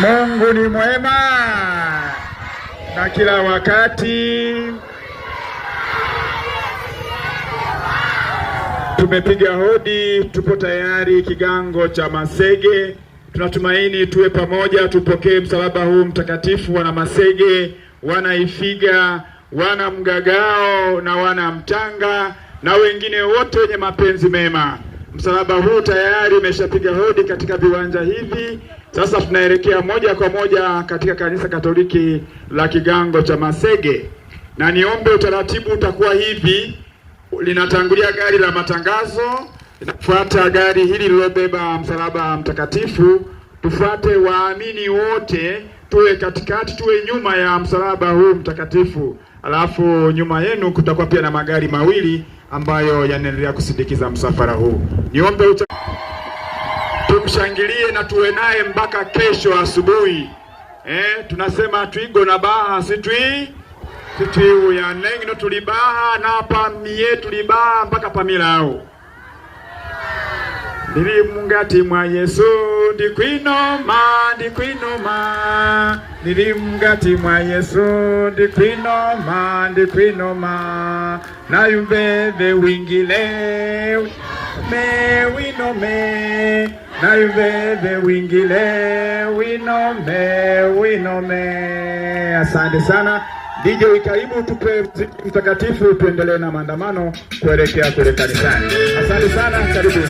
Mungu ni mwema na kila wakati. Tumepiga hodi, tupo tayari kigango cha Masege. Tunatumaini tuwe pamoja, tupokee msalaba huu mtakatifu. Wana Masege, wana Ifiga, wana Mgagao na wana Mtanga na wengine wote wenye mapenzi mema. Msalaba huu tayari umeshapiga hodi katika viwanja hivi. Sasa tunaelekea moja kwa moja katika kanisa Katoliki la Kigango cha Masege, na niombe utaratibu utakuwa hivi: linatangulia gari la matangazo, linafuata gari hili lilobeba msalaba mtakatifu. Tufuate waamini wote, tuwe katikati, tuwe nyuma ya msalaba huu mtakatifu, alafu nyuma yenu kutakuwa pia na magari mawili ambayo yanaendelea kusindikiza msafara huu. Niombe ucha... tumshangilie na tuwe naye mpaka kesho asubuhi. Eh, tunasema na baha sitwi tituyang'ino tulibaha na pamie tulibaha mpaka pamilao ndili mungati mwa Yesu Ndikundi kwinoma ndikwinoma ndiri mungati mwa Yesu ndikwinoma ndikwinoma nayumve vewingile mewinome nayumve vewingile winome winome. Asante sana DJ, karibu tupe mtakatifu, tuendelee na maandamano kuelekea kule kanisani. Asante sana, karibu.